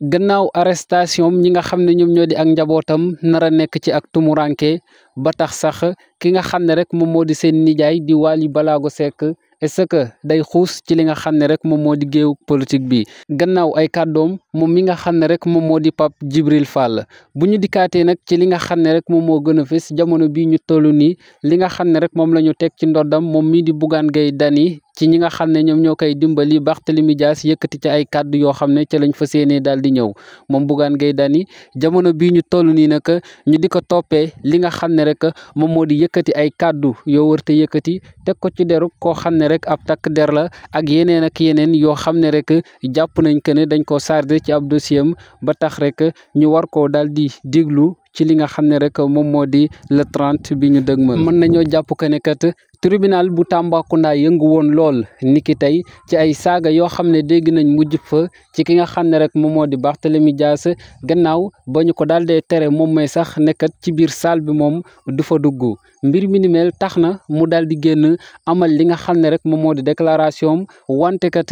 gannaaw arrestation ñi nga xam ne ñoom ñoo di ak njabootam nar a nekk ci ak tumuranke ba tax sax ki nga xam ne rek moom moo di seen nijaay di Wally Ballago Seck est day xuus ci li nga xam ne rek moom moo di géew politique bi gannaaw ay kàddoom moom mi nga xam ne rek moom moo di Pape Djibril Fall bu ñu dikkaatee nag ci li nga xam ne rek moom moo gën a fës jamono bii ñu toll nii li nga xam ne rek moom la ñu teg ci ndoddam moom mii di Bougane Gueye Dany ci ñi nga xam ne ñoom ñoo koy dimbali Barthélemy Dias yëkkati ci ay kàddu yoo xam ne ca lañ fas yéene daal di ñëw moom Bougane Gueye daani jamono bii ñu toll nii nag ñu di ko toppee li nga xam ne rek moom moo di yëkkati ay kàddu yoo war te yëkkati teg ko ci deru koo xam ne rek ab takk der la ak yeneen ak yeneen yoo xam ne rek jàpp nañ que ne dañ koo chargé ci ab dossier ba tax rek ñu war ko daal di déglu ci li nga xam ne rek moom moo di le trente bi ñu dëgmal mën nañoo jàpp que ne kat tribunal bu Tambacounda yëngu woon lool niki tey ci ay saaga yoo xam ne dégg nañ mujj fa ci ki nga xam ne rek moom moo di Barthélémy Dias gannaaw ba ñu ko daal dee tere moom mooy sax nekkat ci biir salle bi moom du fa dugg mbir mi tax na mu daal di génn amal li nga xam ne rek moom moo di déclaration wante kat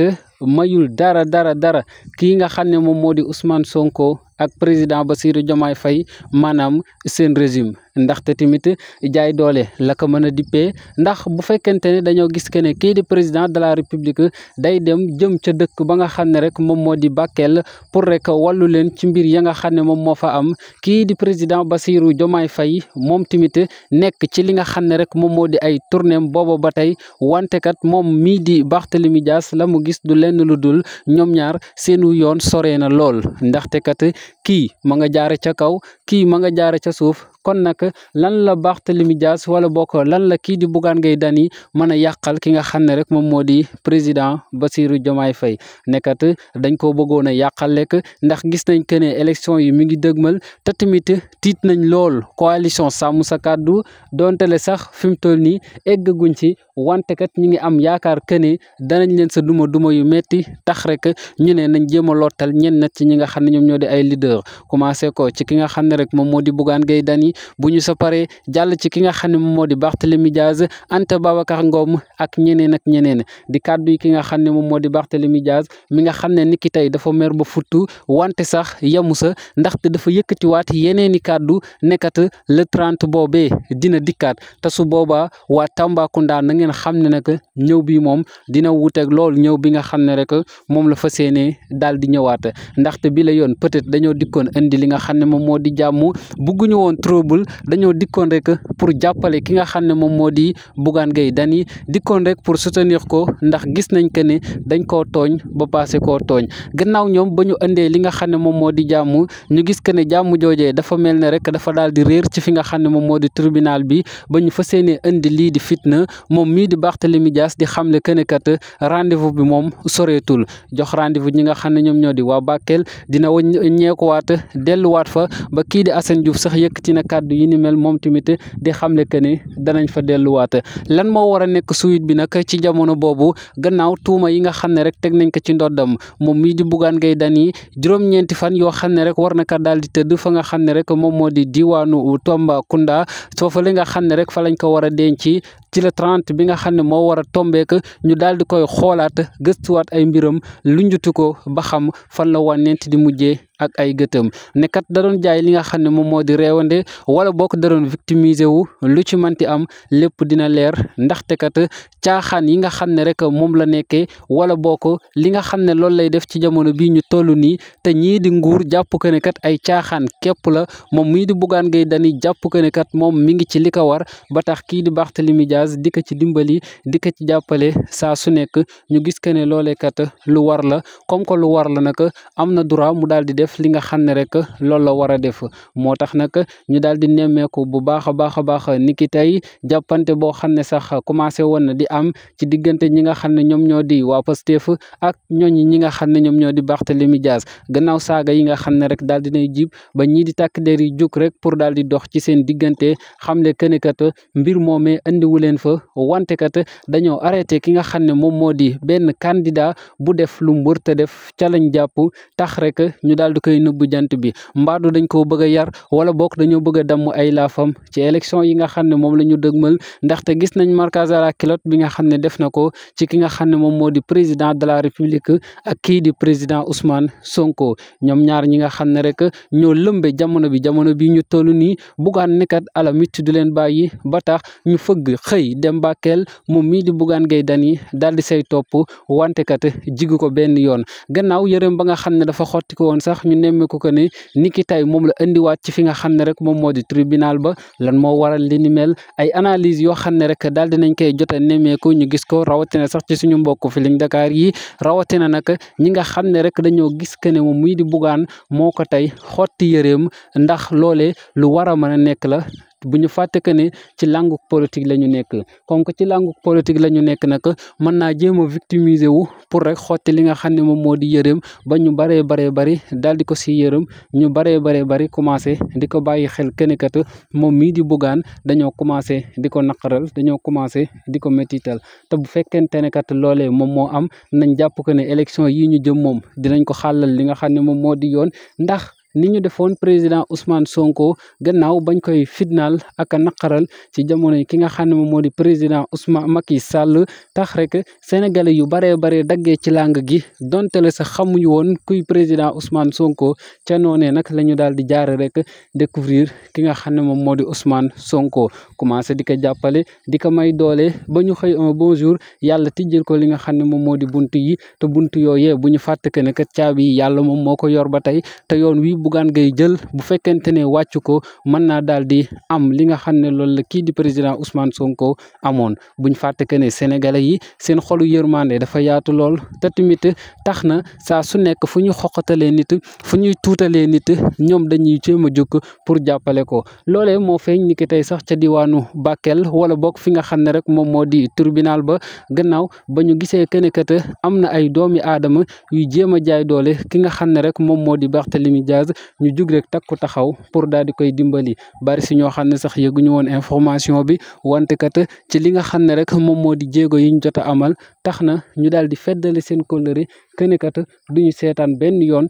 mayul dara dara dara kii nga xam ne moom moo di usmaan Sonko. ak président Bassirou Diomaye fay maanaam seen régime ndaxte tamit jaay doole la ko mën a dippee ndax bu fekkente ne dañoo gis que ne kii di président de la république day dem jëm ca dëkk ba nga xam ne rek moom moo di Bakel pour rek wàllu leen ci mbir ya nga xam ne moom moo fa am kii di président Bassirou jomaay fay moom tamit nekk ci li nga xam ne rek moom moo di ay tournéem booba ba tey wante kat moom mii di Barthélemy Dias la mu gis du lenn lu dul ñoom ñaar seenu yoon soree na lool ndaxte kat kii ma nga kaw kii nga jaare ca suuf kon nag lan la Barthélemy Dias wala bokk lan la kii di Bougane Gueye Dany mën a yàqal ki nga xam ne rek moom moo di président Bassirou Diomaye fay nekkat dañ koo bëggoon a yàqal lekk ndax gis nañ que ne élection yi mi ngi dëgmal te tiit nañ lool coalition sàmm sa kàddu donte le sax fi mu toll nii eggaguñ ci wante kat ñu ngi am yaakaar que ne danañ leen sa duma duma yu metti tax rek ñu ne nañ jéem a lottal ñenn nag ci ñi nga xam ne ñoom ñoo di ay leader commencé ko ci ki nga xam ne rek moom moo di Bougane Gueye Dany bu ñu sa paree jàll ci ki nga xam ne moom moo di Barthélemy Diaz Anta Babacar Ngom ak ñeneen ak ñeneen di kàddu yi ki nga xam ne moom moo di Barthélemy Diaz mi nga xam ne ni ki tey dafa mer ba futtu wante sax yamu sa ndaxte dafa yëkkatiwaat yeneen i kàddu nekkat le 30 boobee dina dikkaat te su boobaa waa Tambacounda na ngeen xam ne nag ñëw bi moom dina wuteeg lool ñëw bi nga xam ne rek moom la fas yéenee daal di ñëwaat ndaxte bi la yoon peut-être dañoo dikkoon indi li nga xam ne moom moo di jàmm trop yóbbul dañoo dikkoon rek pour jàppale ki nga xam ne moom moo di Bougane Gueye Dany dikkoon rek pour soutenir ko ndax gis nañ que ne dañ koo tooñ ba passé koo tooñ gannaaw ñoom ba ñu indee li nga xam ne moom moo di jàmm ñu gis que ne jàmm joojee dafa mel ne rek dafa daal di réer ci fi nga xam ne moom moo di tribinal bi ba ñu fas yéenee indi lii di fitna moom mii di Barthélémy Dias di xam ne kat rendez-vous bi moom soreetul jox rendez ñi nga xam ne ñoom ñoo di waa Bakel dina wëññeekuwaat delluwaat fa ba kàddu yi ni mel moom da di xamle que ni danañ fa delluwaat lan moo war a nekk suite bi nag ci jamono boobu gannaaw tuuma yi nga xam ne rek teg nañ ko ci ndoddam moom mii di Bougane Gueye Dany juróom-ñeenti fan yoo xam ne rek war na ko daal di tëdd fa nga xam ne rek moom moo di diwaanu Tambacounda foofu li nga xam rek fa lañ ko war a denc ci la trent bi nga xam ne moo war a tombeek ñu daal di koy xoolaat gëstuwaat ay mbiram lu njutu ko ba xam fan la wàññeent di mujjee ak ay gëtëm ne kat da doon jaay li nga xam ne moom moo di reewande wala bokk da doon victimiser wu lu ci manti am lépp dina leer ndaxte kat caaxaan yi nga xam ne rek moom la nekkee wala bokk li nga xam ne loolu lay def ci jamono bii ñu toll nii te ñii di nguur jàpp ko ne ay caaxaan képp la moom mii di buggaan Gueye Dany jàpp ko moom mi ngi ci li ko war ba tax kii di Barthélémy Diaz di ko ci dimbali di ko ci jàppale saa su nekk ñu gis que ne loolee kat lu war la comme que lu war la nag am na droit mu daal di def li nga xam ne rek loolu la war a def moo tax nag ñu daal di nemmeeku bu baax a baax a baax ni ki tey jàppante boo xam ne sax commencé woon na di am ci diggante ñi nga xam ne ñoom ñoo di waa Pastef ak ñooñu ñi nga xam ne ñoom ñoo di Barthélemy Diaz gannaaw saaga yi nga xam ne rek daal dinay jib ba ñii di tàkk der yi jug rek pour daal dox ci leen fa wante kat dañoo arrêté ki nga xam ne moom moo di benn candidat bu def lu mbër te def ca lañ jàpp tax rek ñu daal di koy nëbbu jant bi mbaadu dañ koo bëgg a yar wala bokk dañoo bëgg a damm ay laafam ci élection yi nga xam ne moom la ñu dëgmal ndaxte gis nañ marquage à la bi nga xam ne def na ko ci ki nga xam ne moom moo di président de la république ak kii di président Ousmane Sonko ñoom ñaar ñi nga xam ne rek ñoo lëmbe jamono bi jamono bi ñu toll nii xëy dem Bakel moom mii di buggaan Gueye Dany daal di say topp wante kat jigu ko benn yoon gannaaw yërëm ba nga xam ne dafa xotti ko woon sax ñu nemmeeku ko ne niki tey moom la indiwaat ci fi nga xam ne rek moom moo di tribunal ba lan moo waral li ni mel yoo xam ne rek daal dinañ koy jot a nemmeeku ñu gis ko rawatina sax ci suñu mbokk Feeling Dakar yi rawatina nag ñi nga xam ne rek dañoo gis que moom mii di buggaan moo ko tey xotti yëreem ndax loole lu war a mën a nekk la bu ñu fàtte que ne ci langu politique la ñu nekk comme que ci langue politique la ñu nekk nag mën naa jéem a victimiser wu pour rek xotti li nga xam ne moom moo di yërëm ba ñu baree baree bari daal di ko si yërëm ñu baree baree bari commencé di ko bàyyi xel kenn kat moom mii di bugaan dañoo commencé di ko naqaral dañoo commencé di ko métital te bu fekkente ne kat loolee moom moo am nañ jàpp que ne élection yi ñu jëm moom dinañ ko xàllal li nga xam ne moom moo di yoon ndax ni de defoon président Ousmane Sonko gannaaw bañ koy fitnaal ak a naqaral ci jamono ki nga xam ne moom moo di président Ousmane Macky Sall tax rek sénégalais yu baree baree daggee ci làng gi donte la sax xamuñu woon kuy président Ousmane Sonko ca noonee nag la ñu daal di jaare rek découvrir ki nga xam ne moom moo di Ousmane Sonko commencé di ko jàppale di ko may doole ba ñu xëy un bon jour yàlla tijjal ko li nga xam ne moom moo di bunt yi te bunt yooyee bu ñu fàtte que ne caabi yi yàlla moom moo ko yor ba tey Bougane Gueye jël bu fekkente ne wàcc ko mën naa daal di am li nga xam ne loolu la kii di président Ousmane Sonko amoon buñ fàtte que ne sénégalais yi seen xolu yërmande dafa yaatu lool te tamit tax na saa su nekk fu ñu xoqatalee nit fu ñuy tuutale nit ñoom dañuy jéem a jóg pour jàppale ko loolee moo feeñ ni ki tey sax ca diwaanu Bakel wala boog fi nga xam ne rek moom moo di tribunal ba gannaaw ba ñu gisee que am na ay doomi aadama yu jéem ñu jug rek takku taxaw pour daal di koy dimbali bari si ñoo xam ne sax yëguñu woon information bi wante kat ci li nga xam ne rek moom moo di jéego yi ñu jot a amal tax na ñu daal di feddale seen kóllëre kene kat duñu seetaan benn yoon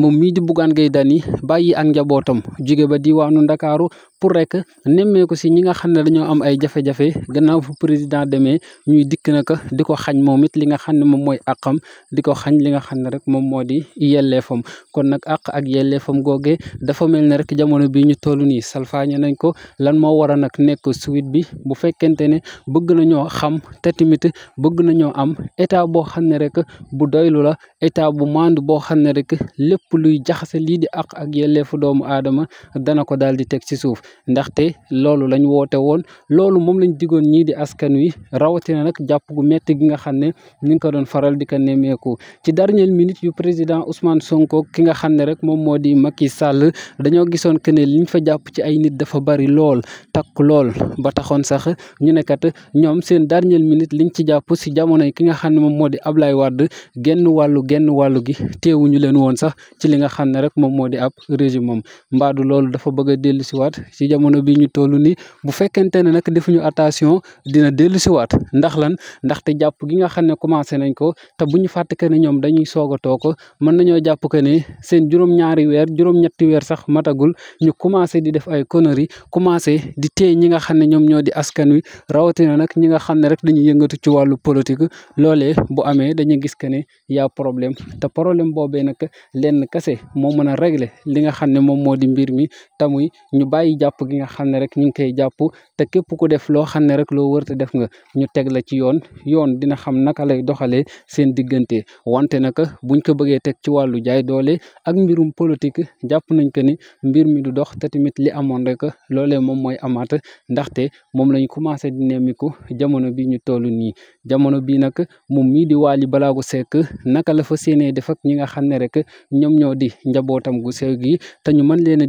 moom mii di Bougane Gueye Dany bàyyi ak njabootam jóge ba diwaanu Ndakaaru pour rek nemmeeku si ñi nga xam ne dañoo am ay jafe-jafe gannaaw fu président demee ñuy dikk naka di ko xañ moom it li nga xam ne moom mooy àqam di ko xañ li nga xam ne rek moom moo di yelleefam kon nag àq ak yelleefam googee dafa mel ne rek jamono bii ñu toll nii salfaañe nañ ko lan moo war nag nekk suwit bi bu fekkente ne bëgg nañoo xam te tamit bëgg nañoo am état boo xam ne rek bu doylu la état bu mànd boo xam ne rek lépp luy jaxase lii di àq ak yelleefu doomu aadama dana ko daal di teg ci suuf ndaxte loolu lañ woote woon loolu moom lañ digoon ñii di askan wi rawatina nag jàpp gu metti gi nga xam ne ñu ngi ko doon faral di ko nemmeeku ci dernière minute yu président Ousmane Sonko ki nga xam ne rek moom moo di Macky Sall dañoo gisoon que ne liñ fa jàpp ci ay nit dafa bari lool takk lool ba taxoon sax ñu ne kat ñoom seen dernière minute liñ ci jàpp si jamono ki nga xam ne moom moo di Ablaye Wade genn wàllu genn wàllu gi teewuñu leen woon sax ci li nga xam ne rek moom moo di ab régime moom mbaadu loolu dafa bëgg a dellu siwaat ci jamono bi ñu toll nii bu fekkente ne nag ñu attention dina dellu si siwaat ndax lan ndaxte jàpp gi nga xam ne commencé nañ ko te bu ñu fàtte que ne ñoom dañuy soog a too ko mën nañoo jàpp que ne seen juróom-ñaari weer juróom-ñetti weer sax matagul ñu commencé di def ay conneries commencé di téye ñi nga xam ne ñoom ñoo di askan wi rawatina nag ñi nga xam ne rek dañuy yëngatu ci wàllu politique loole bu amee dañuy gis que ne yaa problème te problème boobee nag moo jàpp gi xam ne rek ñu ngi koy jàpp te képp ku def loo xam ne rek loo wër te def nga ñu teg la ci yoon yoon dina xam naka lay doxalee seen diggante wante naka buñ ko bëggee teg ci wàllu jaay doole ak mbirum politique jàpp nañ ko ni mbir mi du dox te li amoon rek loolee moom mooy amaat ndaxte moom lañ commencé di nemmiku jamono bi ñu toll nii jamono bi nag moom mii di Wally Ballago Seck naka la fa séenee def ak ñi nga xam ne rek ñoom ñoo di njabootam gu sew gi te ñu mën leen a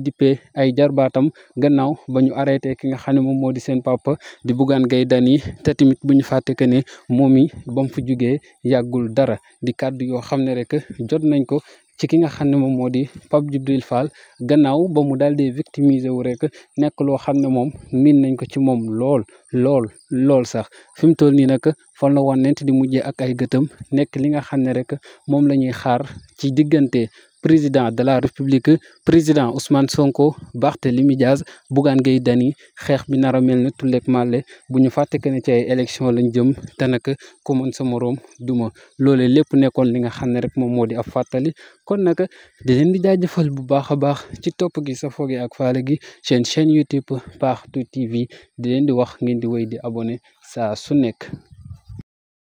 ay jarbaatam gannaaw ba ñu arrêté ki nga xam ne moom moo di seen papa di Bougane Gueye Dany te tamit bu ñu fàtte que ne moom i ba mu fi jugee yàggul dara di kàddu yoo xam ne rek jot nañ ko ci ki nga xam ne moom moo di Pape Djibril Fall gannaaw ba mu daal di victimiser wu rek nekk loo xam ne moom miin nañ ko ci moom lool lool lool sax fi mu toll nii nag fan la wànnent di mujjee ak ay gëtam nekk li nga xam ne rek moom la xaar ci diggante président de la république président Ousmane Sonko Barthélémy Dias Bougane Gueye Dany xeex bi nar a mel ne tulleeg màlle bu ñu fàtte ne ci ay élection lañ jëm te nag ku mën sa moroom duma loolee lépp nekkoon li nga xam ne rek moom moo di ab fàttali kon nag di leen di jaajëfal bu baax a baax ci topp gi sa fooge ak faale gi seen chaîne YouTube Partout TV di leen di wax ngeen di woy di abonné saa su nekk